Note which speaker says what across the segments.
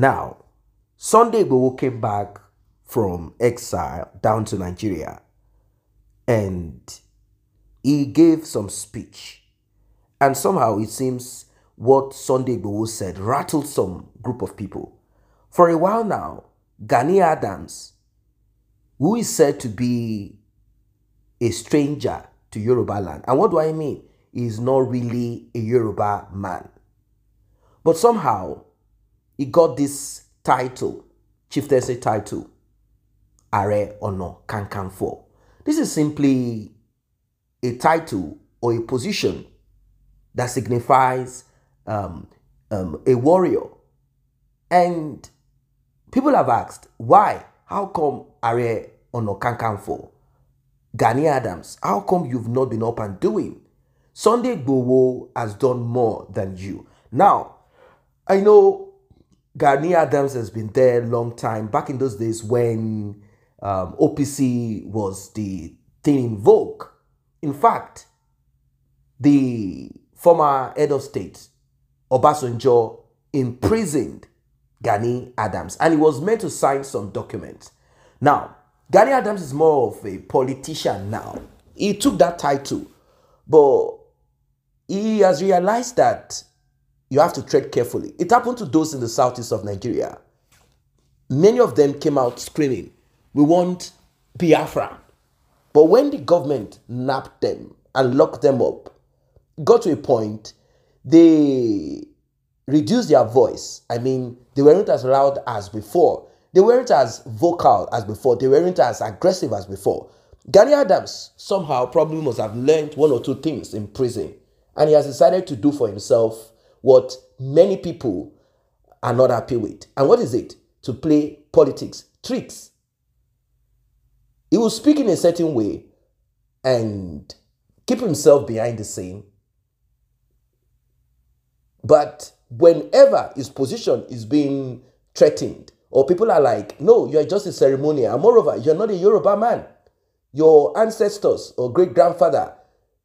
Speaker 1: Now, Sunday Igboho came back from exile down to Nigeria and he gave some speech. And somehow it seems what Sunday Igboho said rattled some group of people. For a while now, Gani Adams, who is said to be a stranger to Yoruba land, and what do I mean? He is not really a Yoruba man. But somehow, he got this title, Chief. chieftaincy title, Are or Ono 4. This is simply a title or a position that signifies um, um, a warrior. And people have asked, why? How come Are or Ono 4? Gani Adams, how come you've not been up and doing? Sunday Gbowo has done more than you. Now, I know Gani Adams has been there a long time. Back in those days when um, OPC was the thing in vogue. In fact, the former head of state, Obasanjo, imprisoned Gani Adams and he was meant to sign some documents. Now, Gani Adams is more of a politician now. He took that title, but he has realized that you have to tread carefully. It happened to those in the southeast of Nigeria. Many of them came out screaming, We want Biafra. But when the government nabbed them and locked them up, got to a point, they reduced their voice. I mean, they weren't as loud as before. They weren't as vocal as before. They weren't as aggressive as before. Gary Adams somehow probably must have learned one or two things in prison, and he has decided to do for himself what many people are not happy with. And what is it? To play politics, tricks. He will speak in a certain way and keep himself behind the scene. But whenever his position is being threatened, or people are like, no, you're just a ceremonial. And moreover, you're not a Yoruba man. Your ancestors or great grandfather,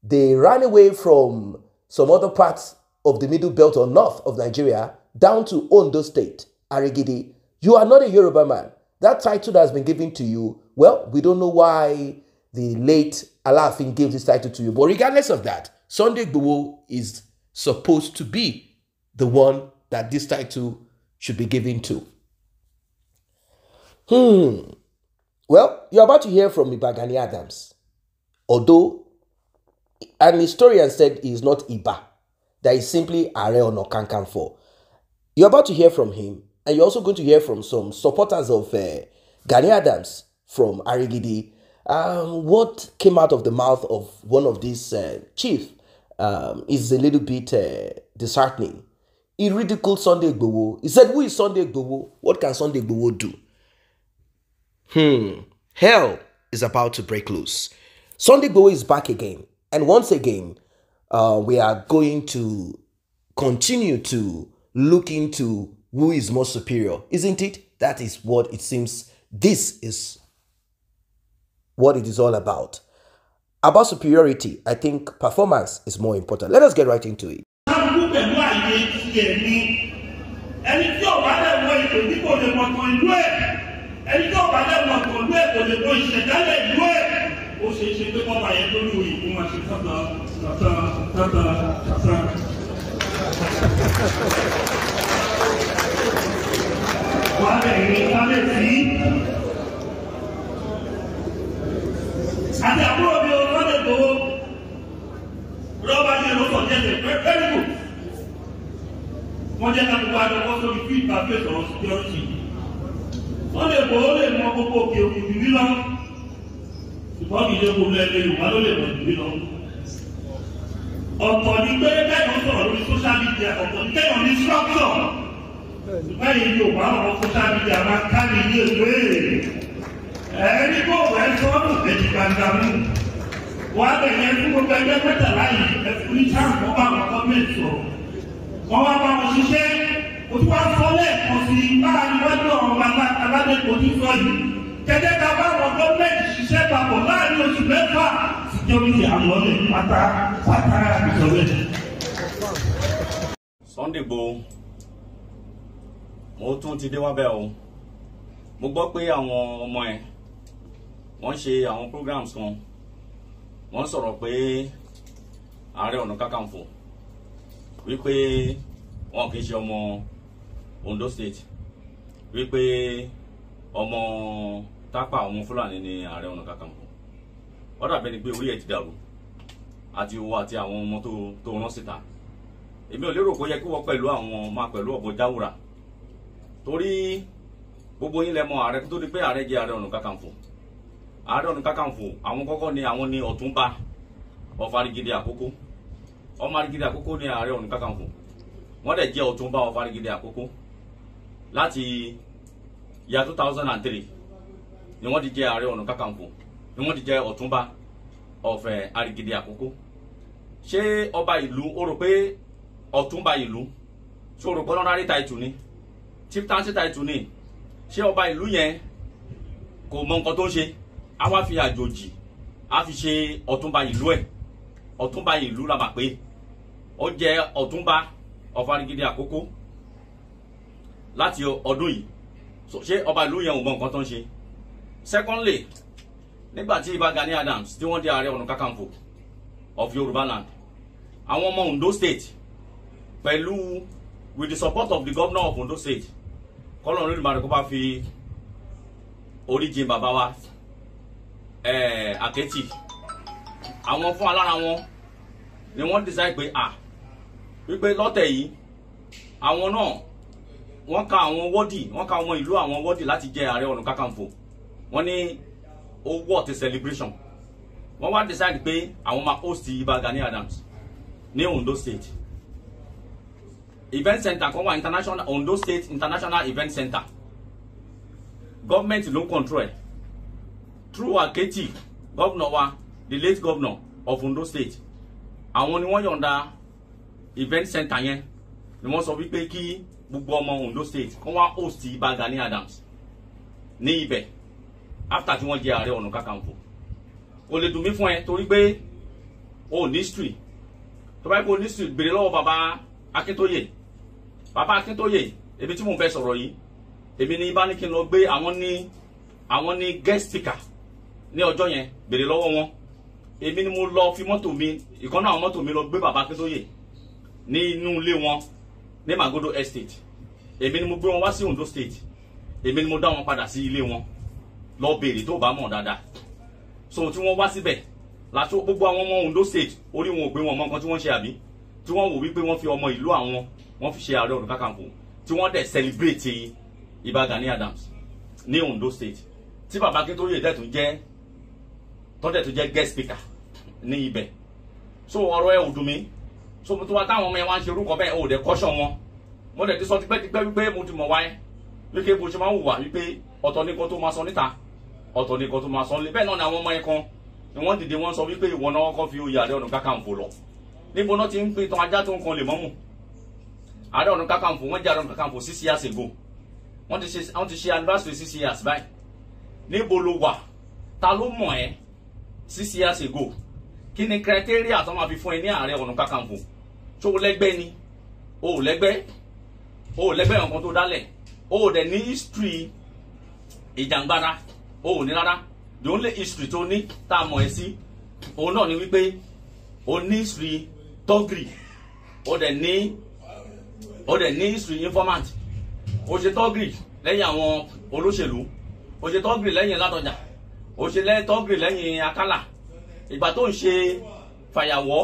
Speaker 1: they ran away from some other parts of the Middle Belt or north of Nigeria down to Ondo State, Arigidi, you are not a Yoruba man. That title that has been given to you, well, we don't know why the late Alafin gave this title to you. But regardless of that, Sunday Gbowo is supposed to be the one that this title should be given to. Hmm. Well, you're about to hear from Ibagani Adams. Although an historian said he is not Iba that is simply Are Ona for. You're about to hear from him, and you're also going to hear from some supporters of uh, Gani Adams from Arigidi. Um, what came out of the mouth of one of these uh, chiefs um, is a little bit uh, disheartening. He ridiculed Sunday Igbowo. He said, Who is Sunday Igbowo? What can Sunday Igbowo do? Hmm, hell is about to break loose. Sunday Igbowo is back again. And once again, uh, we are going to continue to look into who is more superior, isn't it? That is what it seems this is what it is all about. About superiority, I think performance is more important. Let us get right into it.
Speaker 2: ọba lẹ́wọ̀n ìlú ẹ̀ ọba lẹ́wọ̀n ìlú ẹ̀ kò lè mọ ìṣẹ̀dálẹ̀ ìlú tata Frank. Wọ́n á bẹ̀ ní kábẹ́sì. Àti àbúrò mi ò lọ́dẹ̀ gbowó. Rọ́bà ní ẹ̀rọ sọ̀ jẹ́ ẹ̀sẹ̀ very good. Wọ́n jẹ́ ká gbogbo àjọ wọ́n sórí fíìd bá fẹ́ sọ̀rọ̀ security. Wọ́n lè gbowó lè mọ gbogbo òkè ọ̀pọ̀ ní pé kẹ́yìn sọ̀rọ̀ lórí social media ọ̀pọ̀ ní kẹ́yìn ní structure báyìí ni òwò àwọn social media máa kárí ilé ìwé ẹni kó wọ ẹsọ ọdún ẹjì gbàgbà mú wọn abẹyẹ fún gbogbo ẹgbẹ́ mẹ́tàlá yìí ẹfún ní sáàmù wọn bá wọn gọọmẹǹtì sọ wọn wá bá wọn ṣiṣẹ́ o tún wá sọ lẹ́ẹ̀kan sí i bá aríwájú ọ̀rọ̀ aládẹ́kọ̀ọ́ ní sọ yìí kẹ́kẹ́ ká bá wọn gọọmẹǹtì ṣiṣẹ́ papọ̀ láàrin oṣù mẹ́fà lórí àmọ́lẹ̀ pátá pátá ìjọba.
Speaker 3: Sunday Igboho mo tún ti dé wábẹ́ o mo gbọ́ pé àwọn ọmọ ẹ̀ wọ́n ṣe àwọn programs kan wọ́n sọ̀rọ̀ pé ààrẹ ọ̀nà kákàǹfò wípé wọn kì í ṣe ọmọ Ondo state wípé ọmọ tápà ọmọ Fúlàní ni ààrẹ ọ̀nà kákàǹfò ó dàbẹ́ ni pé orí ẹ̀ ti dàrú àti owó àti àwọn ọmọ tó tó rán síta èmi ò lérò kó yẹ kí wọ́n pẹ̀lú àwọn máa pẹ̀lú ọ̀bọ jáwúra torí gbogbo yín lẹ mọ̀ ààrẹ tó di pé ààrẹ jẹ ààrẹ ọ̀nà kakanfò ààrẹ ọ̀nà kakanfò àwọn kọ́kọ́ ni àwọn ni ọ̀túnba ọ̀fà arigide àkókò ọmọ arigide àkókò ni ààrẹ ọ̀nà kakanfò wọ́n dẹ̀ jẹ́ ọ̀túnba ọ̀fà arigide àkókò láti ya two thousand and three ni wọ́n ti jẹ ààrẹ ọ̀nà kakanfò ni wọ́n ti jẹ ọ̀túnba ọ̀fẹ́ arigidi eh, àkókò ṣé ọba ìlú ó rò pé ọ̀túnba ìlú ṣó rò pé honorary title ni chieftaincy title ni ṣé ọba ìlú yẹn kò mọ nǹkan tó ń ṣe á wá fi àjòjì á fi ṣe ọ̀túnba ìlú ẹ̀ ọ̀túnba ìlú la mà pé ó jẹ ọ̀túnba ọ̀fẹ́ arigidi àkókò láti ọdún yìí ṣé ọba ìlú yẹn ò mọ nǹkan tó ń ṣe secondly nígbà tí ibà Gani Adams tí wọ́n di ààrẹ ọ̀nà kakanfò of Yorùbá land àwọn ọmọ Ondo state pẹ̀lú with the support of the governor of Ondo state kọ́lọ́n lórí màdùkú bá fi oríjì bàbá wa àkẹ́tì eh, àwọn fún alára wọn ni wọ́n decide pé à ah, wípé lọ́tẹ̀ yìí àwọn náà wọ́n ka àwọn wọ́dì wọ́n ka àwọn ìlú àwọn wọ́dì láti jẹ ààrẹ ọ̀nà kakanfò wọ́n ní ó what a celebration wọ́n wá decide pé àwọn máa host Ìbà Gani Adams ní Ondo State event center kan wà international Ondo State International Event Center government ló control ẹ̀ through Aketi governor wa the late governor of Ondo State àwọn ni wọ́n yọ̀ǹda event center yẹn ni wọ́n sọ wípé kí gbogbo ọmọ Ondo State kó wá host Ìbà Gani Adams ní Ibe after tí wọ́n jẹ ààrẹ ọ̀nà kakanfò kò lè dùn mí fún ẹ torí pé o ò ní history tó bá yẹ kó o ní history béèrè lọ́wọ́ bàbá akíntóyè bàbá akíntóyè èmi tí mò ń fẹ́ sọ̀rọ̀ yìí èmi ní bá ní kí n lọ gbé àwọn ní àwọn ní guest speaker ní ọjọ́ yẹn béèrè lọ́wọ́ wọn èmi ni mo lọ fi mọ́tò mi ìkànnà àwọn mọ́tò mi lọ gbé bàbá akíntóyè ní inú ilé wọn ní Magodo Estate èmi ni mo gbé wọn wá sí Ondo State èmi ni mo dá wọn padà sí ilé wọn lọ béèrè tó bá mọ̀ dáadáa so tí wọ́n wá síbẹ̀ láti gbogbo àwọn ọmọ Ondo state orí wọn ò gbé wọn mọ nǹkan tí wọ́n ṣe àbí tí wọ́n wò wípé wọ́n fi ọmọ ìlú àwọn wọ́n fi ṣe ààrẹ ọ̀nà kakanfò tí wọ́n dẹ̀ celebrate Ìbà Gani Adams ní Ondo state tí bàbá Akíntóyè dẹ̀ tún jẹ́ tọ́dẹ̀ tún jẹ́ guest speaker ní ibẹ̀ so ọ̀rọ̀ ẹ̀ ò dùn mí so mo tún wá táwọn ọmọ yẹn wá ń ṣe orúkọ bẹ́ẹ̀ ò dẹ̀ kọ́ṣọ̀ wọn mo dẹ̀ ti sọ tipẹ́tipẹ́ wípé mo ti mọ̀ wáyé wípé bó ṣe máa ń wùwà wípé ọ̀tọ̀ ní kan tó máa sọ níta ọ̀tọ̀ nìkan tó máa sọ lé bẹ́ẹ̀ náà ni àwọn ọmọ yẹn kan ni wọ́n dìde wọ́n sọ wípé ìwọ náà kọ́ fi oyè Ààrẹ Ọ̀nà Kakanfò lọ níbo náà ti ń pin tán ajá tó ń kan lè mọ́mù Ààrẹ Ọ̀nà Kakanfò wọ́n jẹ́ Ààrẹ Ọ̀nà Kakanfò six years ago wọ́n ti ṣe wọ́n ti ṣe anniversary six years báyìí níbo ló wà ta ló mọ̀ ẹ́ six years ago kí ni criteria tó máa fi fún ẹ ní Ààrẹ Ọ̀nà tó lẹ́gbẹ́ ni o ò lẹ́gbẹ́ o ò lẹ́gbẹ́ nǹkan tó dálẹ̀ o ò dẹ̀ ní history ìjàngbara o ò ní rárá the only history tó ní tá a mọ̀ ẹ́ sí òun náà ni wípé o ní history tọ́gìrì o dẹ̀ ní o dẹ̀ ní history informant o ṣe tọ́gìrì lẹ́yìn àwọn olóṣèlú o ṣe tọ́gìrì lẹ́yìn látọjà o ṣe tọ́gìrì lẹ́yìn akálà ìgbà tó ń ṣe fàyàwọ́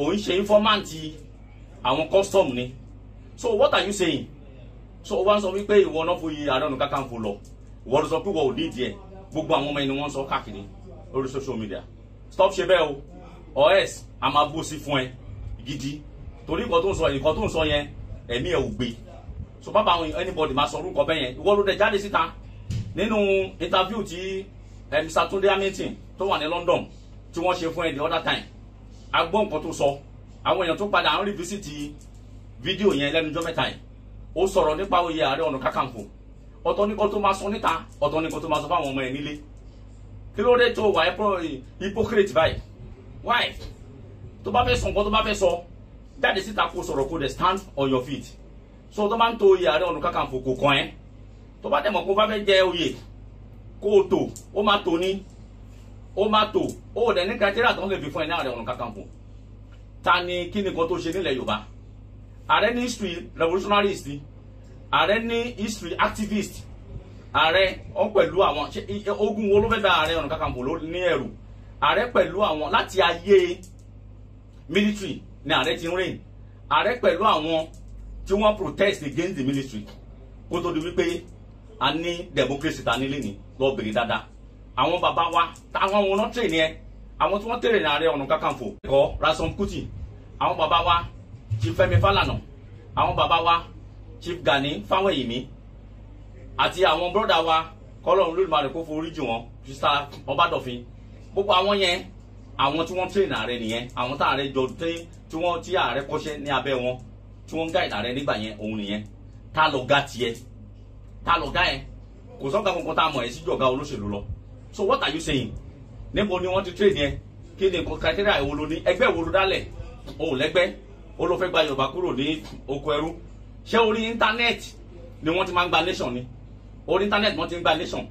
Speaker 3: o ń ṣe informant àwọn custom ni so what are you saying so o wá sọ wípé ìwọ náà fòye Ààrẹ Ọ̀nà Kakanfò lọ wọ́n lọ sọ pé wọ́n ò nídìí ẹ̀ gbogbo àwọn ọmọ ẹni wọ́n sọ káàkiri lórí social media stop ṣe bẹ́ẹ̀ o or else a máa bó sí fún ẹ gidi torí nǹkan tó ń sọ nǹkan tó ń sọ yẹn ẹ̀mí ẹ̀ ò gbé so bàbá àwọn anybody máa sọ orúkọ bẹ́ẹ̀ yẹn ìwọ ló dẹ̀ jáde síta nínú interview tí eh, Mr. Tunde Hamilton tó wà ní London tí wọ́n ṣe fún ẹ the other time a gbọ́ nǹkan tó sọ àwọn èèyàn tó padà ń rí fisiti fídíò yẹn lẹ́nu jọ́ mẹ́ta yìí ó sọ̀rọ̀ nípa oyè Ààrẹ Ọ̀nà Kakanfò ọ̀tọ̀ nìkan tó máa sọ níta ọ̀tọ̀ nìkan tó máa sọ fáwọn ọmọ ẹ̀ nílé kí ló dé tó wà eh, hypocrite báyìí why tó bá fẹ́ sọ nǹkan tó bá fẹ́ sọ jáde síta kó sọ̀rọ̀ kó dẹ̀ stand on your feet so tó bá ń to oyè Ààrẹ Ọ̀nà Kakanfò kò kàn ẹ́ tó bá dẹ̀mọ̀ kó bá fẹ́ jẹ oyè kó o tò ó máa tò ní ó máa tò ó ò dẹ̀ ní criteria tó ń lè fi fún ẹ ní Ààrẹ Ọ̀nà Kakanfò ta ni kí ni nǹkan tó ṣe nílẹ̀ Yorùbá ààrẹ ní history revolutionary history ààrẹ ní history activist ààrẹ ọ pẹ̀lú àwọn ogun wo ló fẹ́ da ààrẹ ọ̀nà kakanfò ló ní ẹ̀rù ààrẹ pẹ̀lú àwọn láti ayé military ni ààrẹ ti ń reign ààrẹ pẹ̀lú àwọn tí wọ́n protest against the military kó tó di wípé a ní democracy ta nílé ni lọ bèrè dáadáa àwọn bàbá wa táwọn wọn náà tèrè ni ẹ àwọn tí wọ́n tèrè ní ààrẹ ọ̀nà kakanfò. ẹ̀kọ́ rasom kuti àwọn bàbá wa ti Fẹ́mi Fálànà àwọn bàbá wa Chief Gani Fáwẹ́yìmí àti àwọn bọ́dà wa kọ́lọ́run lódìmọ̀lẹ́ kó forí jù wọn Mr Ọbádọ̀fin gbogbo àwọn yẹn àwọn tí wọ́n train ààrẹ nìyẹn àwọn tá ààrẹ jọ train tí wọ́n tí ààrẹ kọ́ṣẹ́ ní abẹ́ wọn tí wọ́n guide ààrẹ nígbà yẹn òun nìyẹn tá lọ ga tiẹ̀ tá lọ ga yẹn kò sọ́ga kankan tá a mọ̀ ẹ́ sí jọ̀ga olóṣèlú lọ so what are you saying níbo ni wọ́n ti train yẹn kí ni nǹkan criteria ìwo ló ní ẹgbẹ́ wo ló dálẹ̀ o lẹ́gbẹ́ o ló fẹ́ kúrò ní oko ẹrú ṣé orí íńtánẹ́ẹ̀tì ni wọ́n ti máa ń gba nation ni orí íńtánẹ́ẹ̀tì wọ́n ti ń gba nation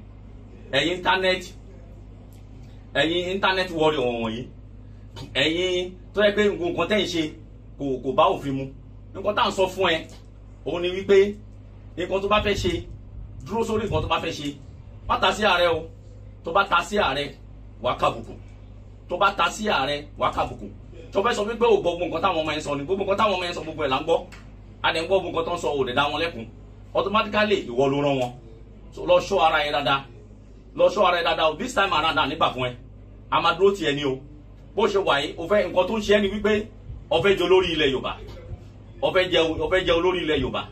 Speaker 3: ẹ̀yin íńtánẹ́ẹ̀tì ẹ̀yin íńtánẹ́ẹ̀tì wọ́ọ̀rì wọ̀nyí ẹ̀yin tó yẹ pé nǹkan tẹ́ ń ṣe kò kò bá òfin mu nǹkan tá à ń sọ fún ẹ òun ni wípé nǹkan tó bá fẹ́ ṣe dúró sórí nǹkan tó bá fẹ́ ṣe má ta sí ààrẹ o tó bá ta sí ààrẹ wà á kàbùkù tó bá ta sí ààrẹ wà á kàbùkù tó fẹ́ sọ wípé ò gbọ́ gbogbo nǹkan táwọn ọmọ yẹn sọ ni gbogbo nǹkan táwọn ọmọ yẹn sọ gbogbo ẹ̀ là ń gbọ́ adẹ̀ ń gbọ́ ogun tó ń sọ òdẹ̀dá wọn lẹ́kùn automatically ìwọ ló rán wọn lọ ṣọ́ ara yẹn dáadáa lọ ṣọ́ ara yẹn dáadáa o this time around nígbà fún ẹ a máa dúró tiẹ̀ ni o bó ṣe wà yìí o fẹ́ nǹkan tó ń ṣe ẹ́ ni wípé o jẹ olórí ilẹ̀ Yorùbá o jẹ o jẹ olórí ilẹ̀ Yorùbá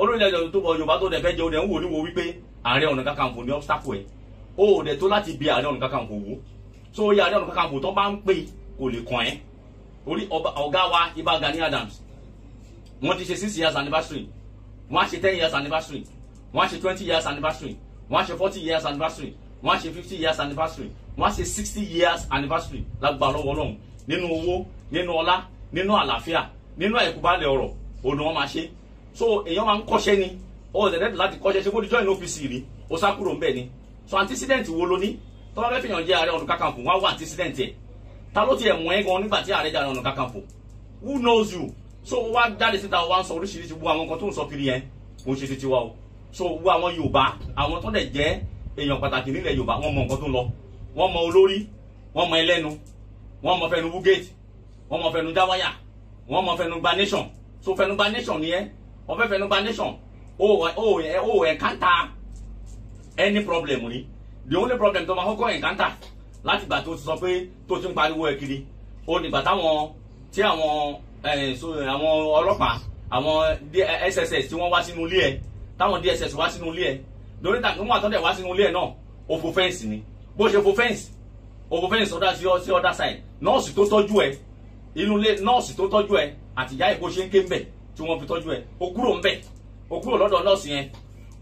Speaker 3: olórí ilẹ̀ Yorùbá tó dẹ̀ fẹ́ jẹ o dẹ̀ ń wò ní wo wípé Ààrẹ Ọ̀nà Kakanfò ní obstacle ẹ̀ o ò dẹ̀ tó láti bi Ààrẹ Ọ̀nà Kakanfò wò so oyè Ààrẹ Ọ̀nà Kakanfò tó bá ń pè kò lè kàn ẹ́ orí ọ̀gá wa Ìbà Gani Adams wọ́n ti ṣe six years anniversary wọ́n á ṣe ten years anniversary wọ́n á ṣe twenty years anniversary wọ́n á ṣe forty years anniversary wọ́n á ṣe fifty years anniversary wọ́n á ṣe sixty years anniversary lágbára ọwọ́ ọlọ́run nínú owó nínú ọlá nínú àlàáfíà nínú àìkúbalẹ̀ ọ̀rọ̀ òun ni wọ́n máa ṣe so èèyàn máa ń kọ́ṣẹ́ ni ó dẹ̀dẹ̀ láti kọ́ṣẹ́ ṣe kó di join OPC rí ó sá kúrò ńbẹ̀ ni so antecedent wo ló ní tọ́wọ́ fẹ́ fìyàn jẹ́ ààrẹ ọ̀nà kakanfò wọ́n á wá antecedent yẹ ta ló tiẹ̀ mọ̀ ẹ́ gan nígbà tí ààrẹ jẹ́ ààrẹ ọ̀nà kakanfò who knows you so wá jáde síta wá sọ oríṣiríṣi wo àwọn nǹkan tó ń sọ kiri yẹn kò ń ṣe ti tiwa o so wo àwọn yorùbá àwọn tó dẹ̀ jẹ́ èèyàn pàtàkì nílẹ̀ yorùbá wọ́n mọ nǹkan tó ń lọ wọ́n mọ olórí wọ́n mọ ẹlẹ́nu wọ́n mọ fẹnu wúgẹ́ẹ̀tì wọ́n mọ fẹnu dáwáyà wọ́n mọ fẹnu gba nation so fẹnu gba nation ni ẹ wọ́n fẹ́ fẹnu gba nation o o o ẹ̀kántà any problem ni the only problem tó máa kọ́kọ́ ẹ̀kántà láti gbà tó ti sọ pé tó ti ń pariwo ẹ̀ kiri o nígbà táwọn tí àwọn àwọn ọlọ́pàá àwọn SSS tí wọ́n wá sínú ilé ẹ̀ táwọn DSS wá sínú ilé ẹ̀ dórí tàbí wọn àtọ́dẹ̀ wá sínú ilé ẹ̀ náà ó fo fẹ́ǹsì ni bó ṣe fo fẹ́ǹsì ó fo fẹ́ǹsì ọ̀dà sí ọ̀dà side nọ́ọ̀sì tó tọ́jú ẹ̀ inú ilé nọ́ọ̀sì tó tọ́jú ẹ̀ àtìyá ẹ̀ bó ṣe ń ké ńbẹ̀ tí wọ́n fi tọ́jú ẹ̀ ó kúrò ńbẹ̀ ó kúrò lọ́dọ̀ nọ́ọ̀sì yẹn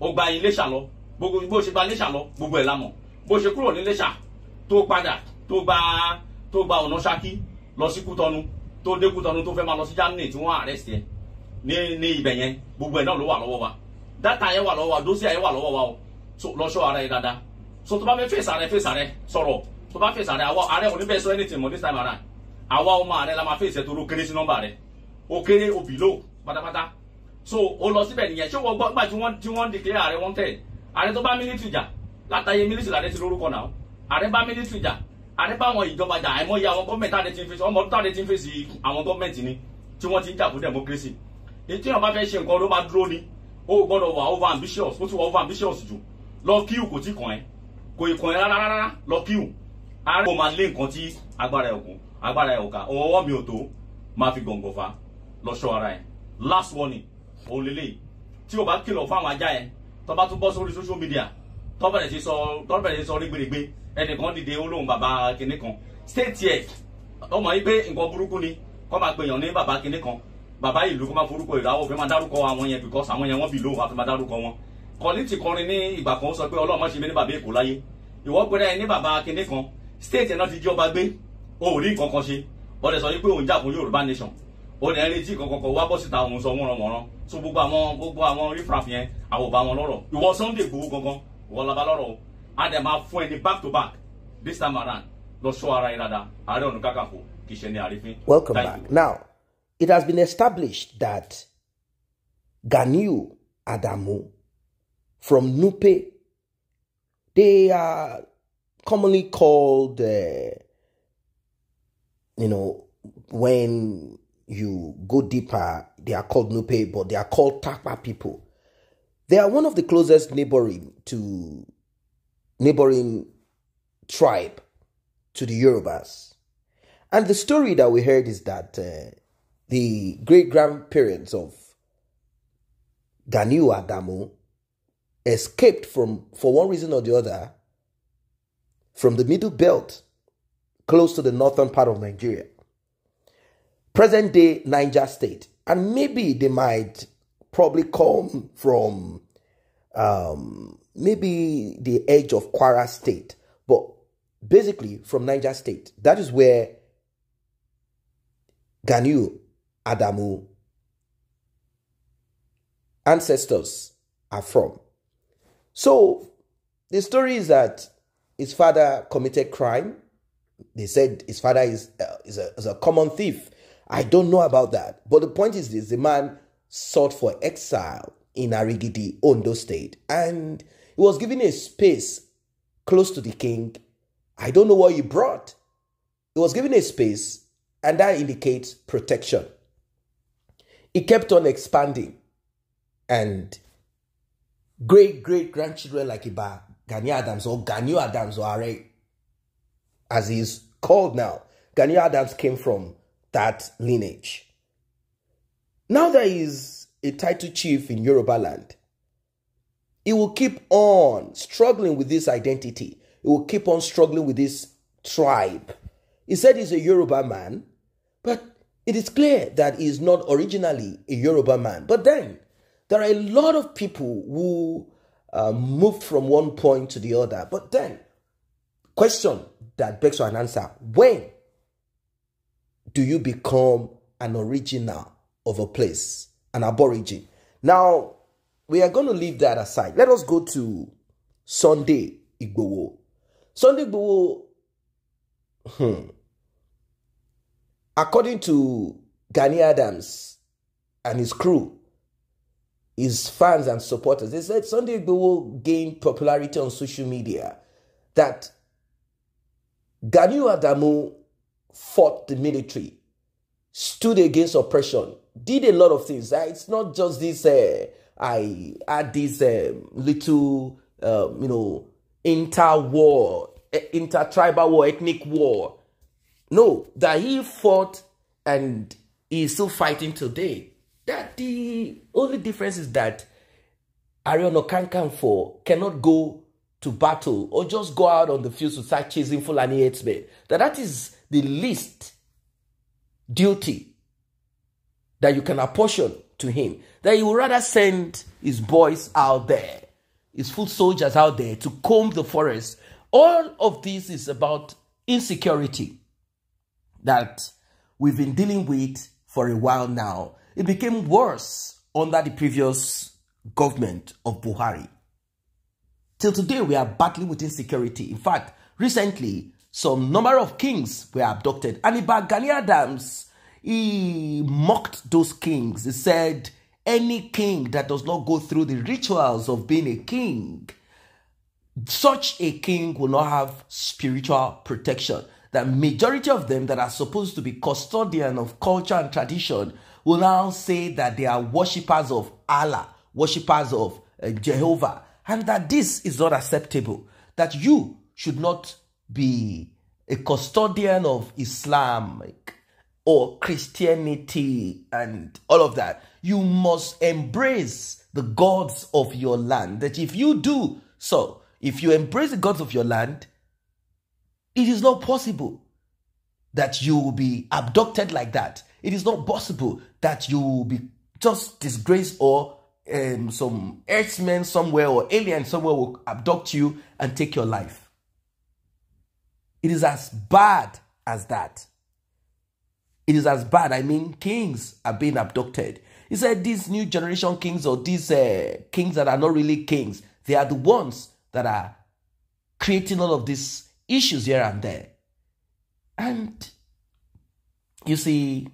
Speaker 3: ó gba Iléṣà lọ gbogbo bó ṣe gba Iléṣà lọ gbogbo ẹ̀ la mọ̀ bó ṣe kúrò ní Iléṣà tó tó dékú tọdún tó fẹ́ máa lọ sí Germany tí wọ́n arrest ẹ ní ní ibẹ̀ yẹn gbogbo ẹ̀ náà ló wà lọ́wọ́ wa data yẹn wà lọ́wọ́ wa dossier yẹn wà lọ́wọ́ wa o so lọ́sọ̀ ara yẹn dáadáa so tó bá fẹ́ fèsì ààrẹ fèsì ààrẹ sọ̀rọ̀ tó bá fèsì ààrẹ àwa ààrẹ òní bẹ́ẹ̀ sọ anything mọ̀ this time around àwa ọmọ ààrẹ la máa fèsì ẹ̀ tó kéré sí nọ́mbà rẹ̀ ó kéré ó bì pátápátá so ó lọ síbẹ̀ nìyẹn ṣé wọ́n gbọ́ nígbà tí wọ́n tí wọ́n declare ààrẹ wanted ààrẹ tó bá military jà látàyè military làdẹ́ ti àdébáwọn ìjọba jà àìmọye àwọn gọ́ọ̀mẹ̀ntì tàdé ti ń fèsì ọmọ tàdé ti ń fèsì àwọn gọ́ọ̀mẹ̀ntì ni tí wọ́n ti ń jà fún democracy ètò ìyàwó bá fẹ́ ṣe nǹkan ló máa dúró ni ó gbọ́dọ̀ wà over ambitious ó ti wà over ambitious jù lọ kíù kò tí kàn ẹ́ kò ì kàn ẹ́ rárá rárá lọ kíù ààrẹ kò máa lé nǹkan tí agbára ẹ̀ kù agbára ẹ̀ ọ̀ka ọwọ́ mi ò tó máa fi gọ̀ǹgọ̀ fa lọ ṣọ́ ara ẹ̀ last warning òun lélẹ̀ tí o bá kìlọ̀ fún àwọn ajá ẹ̀ tó bá tún bọ́ sórí social media tó bẹ̀rẹ̀ sí sọ tó bẹ̀rẹ̀ sí sọ rí gbèrègbè ẹnìkan dìde ó lóun bàbá kinní kan state yẹ ọmọ yìí pé nǹkan burúkú ni kọ́ máa pe èèyàn ní bàbá kinní kan bàbá ìlú kọ́ máa forúkọ ìlú àwọn òfin máa dárúkọ àwọn yẹn because àwọn yẹn wọ́n bì lóun àfi máa dárúkọ wọn kọ́ni ti kọrin ní ìgbà kan sọ pé ọlọ́run ṣe mí ní bàbá èkó láyé ìwọ́ pẹ̀lú ẹni bàbá kinní kan state náà ti jẹ́ ọba gbé òun rí nǹkan kan ṣe ó lè sọ wípé òun jà fún Yorùbá nation ó lè retí kankan kan wá bọ́ síta òun sọ wọ́n wọ́n so gbogbo àwọn gbogbo àwọn rífraf yẹn àwọn ò bá wọn lọ́rọ̀ ìwọ Sunday gbowó gangan ìwọ laba lọ́rọ̀ and back to back this time around no ara àrífín.
Speaker 1: welcome back you. now it has been established that Ganiu Adamu from Nupe they are commonly called uh, you know when you go deeper they are called Nupe but they are called Tapa people they are one of the closest neighboring to neighboring tribe to the Yorubas. And the story that we heard is that uh, the great grandparents of Ganiu Adamu escaped from, for one reason or the other, from the middle belt close to the northern part of Nigeria, present day Niger State. And maybe they might probably come from um, maybe the edge of Kwara State, but basically from Niger State. That is where Ganu Adamu ancestors are from. So the story is that his father committed crime. They said his father is, uh, is, a, is a common thief. I don't know about that. But the point is this the man sought for exile in Arigidi, Ondo State, and he was given a space close to the king. I don't know what he brought. He was given a space, and that indicates protection. He kept on expanding, and great great grandchildren like Iba, Gani Adams, or Ganyu Adams, or Are, as he's called now, Ganyu Adams came from that lineage. Now there is a title chief in Yoruba land he will keep on struggling with this identity. He will keep on struggling with this tribe. He said he's a Yoruba man, but it is clear that he is not originally a Yoruba man. But then, there are a lot of people who uh, move from one point to the other. But then, question that begs for an answer: When do you become an original of a place, an aborigine? Now, we are going to leave that aside. Let us go to Sunday Igbowo. Sunday Igbowo, hmm, according to Gani Adams and his crew, his fans and supporters, they said Sunday Igbowo gained popularity on social media that Gani Adamu fought the military, stood against oppression, did a lot of things. It's not just this. Uh, I had this uh, little, uh, you know, inter-war, inter-tribal war, ethnic war. No, that he fought and he's still fighting today. That the only difference is that Arion for, cannot go to battle or just go out on the field to start chasing Fulani headsmen. That that is the least duty that you can apportion to him that he would rather send his boys out there, his foot soldiers out there to comb the forest. All of this is about insecurity that we've been dealing with for a while now. It became worse under the previous government of Buhari. Till today, we are battling with insecurity. In fact, recently, some number of kings were abducted. and the Gani he mocked those kings. He said, Any king that does not go through the rituals of being a king, such a king will not have spiritual protection. The majority of them that are supposed to be custodian of culture and tradition will now say that they are worshippers of Allah, worshippers of uh, Jehovah, and that this is not acceptable. That you should not be a custodian of Islam, or Christianity and all of that. You must embrace the gods of your land. That if you do so, if you embrace the gods of your land, it is not possible that you will be abducted like that. It is not possible that you will be just disgraced or um, some earthmen somewhere or alien somewhere will abduct you and take your life. It is as bad as that. It is as bad. I mean, kings are being abducted. He said these new generation kings or these uh, kings that are not really kings, they are the ones that are creating all of these issues here and there. And you see,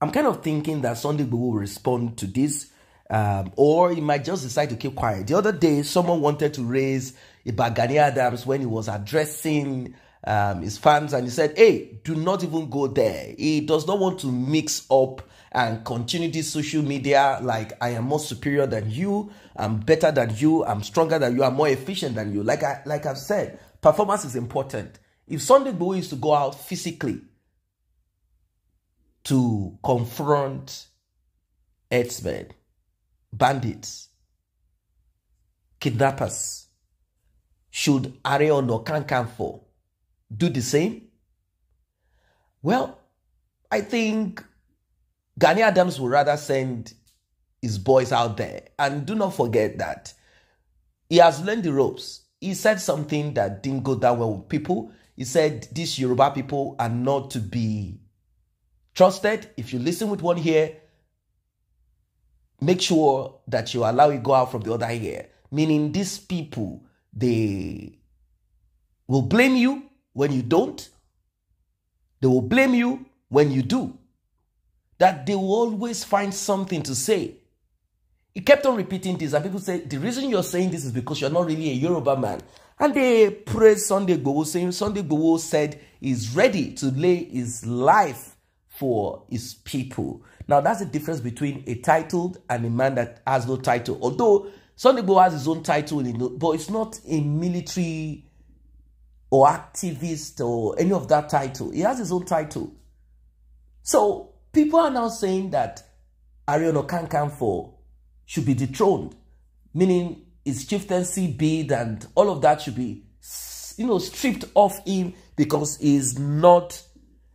Speaker 1: I'm kind of thinking that Sunday will respond to this, um, or he might just decide to keep quiet. The other day, someone wanted to raise Ibagani Adams when he was addressing um, his fans and he said, Hey, do not even go there. He does not want to mix up and continue this social media like I am more superior than you, I'm better than you, I'm stronger than you, I'm more efficient than you. Like I like I've said, performance is important. If Sunday Boy is to go out physically to confront headsmen, bandits, kidnappers, should Ariel no for." do the same? Well, I think Gani Adams would rather send his boys out there. And do not forget that he has learned the ropes. He said something that didn't go that well with people. He said these Yoruba people are not to be trusted. If you listen with one ear, make sure that you allow it go out from the other ear. Meaning these people, they will blame you when you don't. They will blame you when you do. That they will always find something to say. He kept on repeating this, and people say, The reason you're saying this is because you're not really a Yoruba man. And they praised Sunday Gbowo, saying Sunday Gbowo said he's ready to lay his life for his people. Now, that's the difference between a titled and a man that has no title. Although Sunday Gbowo has his own title, but it's not a military or activist or any of that title. He has his own title. So people are now saying that Ariano for, should be dethroned, meaning his chieftaincy bid and all of that should be, you know, stripped off him because he's not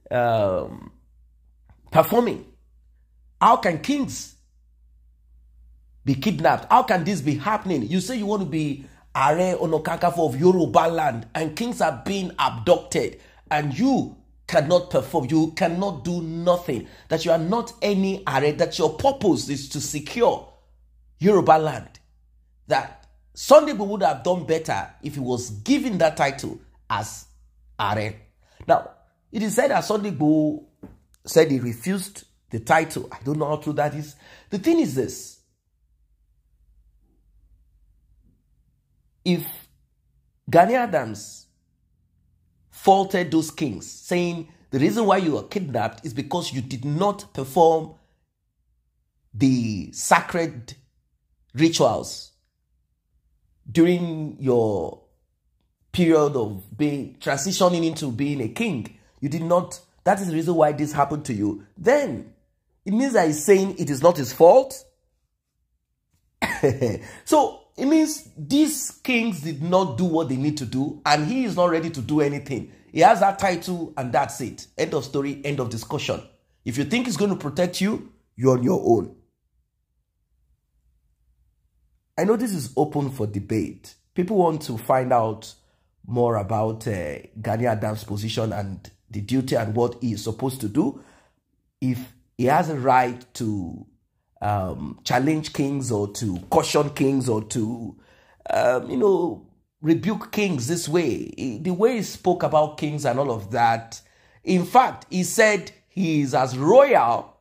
Speaker 1: um, performing. How can kings be kidnapped? How can this be happening? You say you want to be are Onokakafo of Yoruba land, and kings are being abducted, and you cannot perform, you cannot do nothing, that you are not any Are, that your purpose is to secure Yoruba land, that Sunday would have done better if he was given that title as Are. Now, it is said that Sunday said he refused the title. I don't know how true that is. The thing is this if Gani Adams faulted those kings, saying the reason why you were kidnapped is because you did not perform the sacred rituals during your period of being transitioning into being a king. You did not, that is the reason why this happened to you. Then it means that he's saying it is not his fault. so it means these kings did not do what they need to do, and he is not ready to do anything. He has that title, and that's it. End of story, end of discussion. If you think he's going to protect you, you're on your own. I know this is open for debate. People want to find out more about uh, Gani Adams' position and the duty and what he is supposed to do. If he has a right to um, challenge kings or to caution kings or to, um, you know, rebuke kings this way. The way he spoke about kings and all of that, in fact, he said he is as royal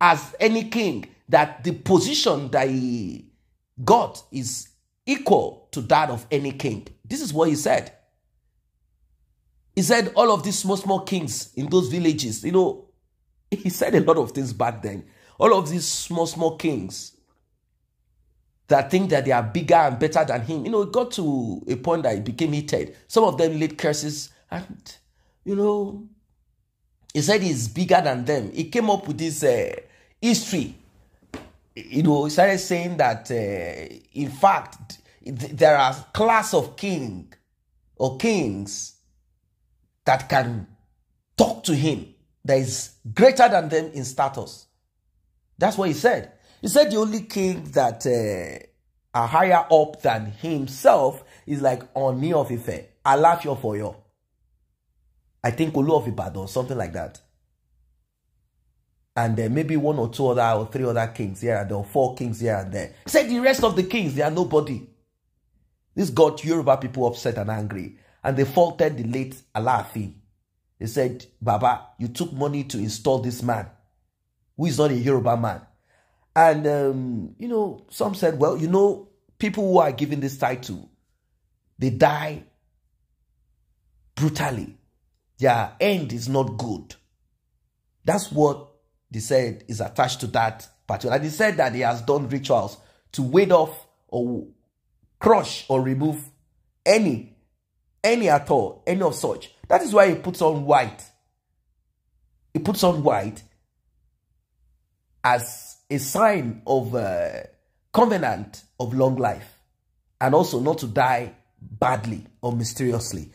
Speaker 1: as any king, that the position that he got is equal to that of any king. This is what he said. He said all of these small, small kings in those villages, you know, he said a lot of things back then. All of these small, small kings that think that they are bigger and better than him. You know, it got to a point that it became heated. Some of them laid curses and, you know, he said he's bigger than them. He came up with this uh, history. You know, he started saying that, uh, in fact, there are class of king or kings that can talk to him that is greater than them in status. That's what he said. He said the only king that uh, are higher up than himself is like Oni of Ife, Alafio your. I think Olu of Ibadan, something like that. And then maybe one or two other or three other kings here and there, or four kings here and there. He said the rest of the kings, they are nobody. This got Yoruba people upset and angry. And they faulted the late Alafi. They said, Baba, you took money to install this man who is not a Yoruba man. And, um, you know, some said, well, you know, people who are given this title, they die brutally. Their end is not good. That's what they said is attached to that particular. They said that he has done rituals to ward off or crush or remove any, any at all, any of such. That is why he puts on white. He puts on white as a sign of a uh, covenant of long life and also not to die badly or mysteriously.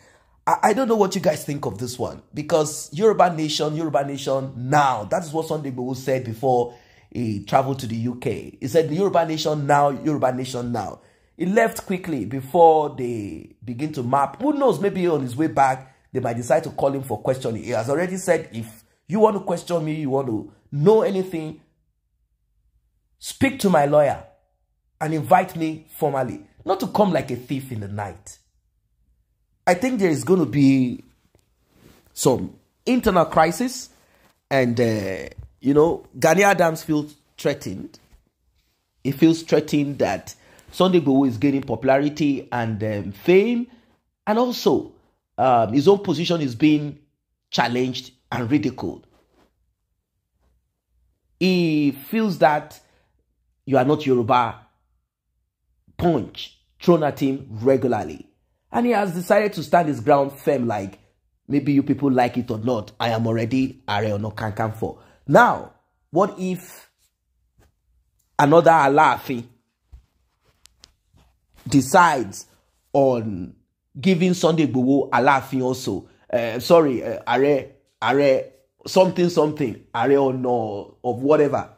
Speaker 1: I, I don't know what you guys think of this one because Yoruba Nation, Yoruba Nation now, that is what Sunday Bowo said before he traveled to the UK. He said, Yoruba Nation now, Yoruba Nation now. He left quickly before they begin to map. Who knows, maybe on his way back, they might decide to call him for questioning. He has already said, if you want to question me, you want to know anything, Speak to my lawyer and invite me formally, not to come like a thief in the night. I think there is going to be some internal crisis, and uh, you know, Gani Adams feels threatened. He feels threatened that Sunday Igboho is gaining popularity and um, fame, and also um, his own position is being challenged and ridiculed. He feels that you are not Yoruba punch thrown at him regularly. And he has decided to stand his ground firm like, maybe you people like it or not, I am already can come for. Now, what if another Alafi decides on giving Sunday Igboho Alafi also? Uh, sorry, uh, Ààrẹ, Ààrẹ, something, something, Ààrẹ no of whatever.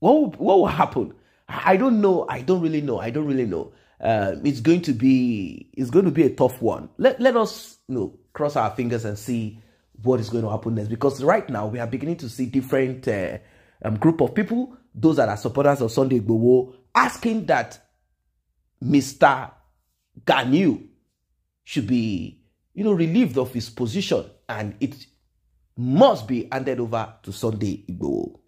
Speaker 1: What will, what will happen? I don't know. I don't really know. I don't really know. Um, it's going to be it's going to be a tough one. Let let us you know cross our fingers and see what is going to happen next. Because right now we are beginning to see different uh, um, group of people, those that are supporters of Sunday Igbowo, asking that Mister Ganu should be you know relieved of his position and it must be handed over to Sunday Igbowo.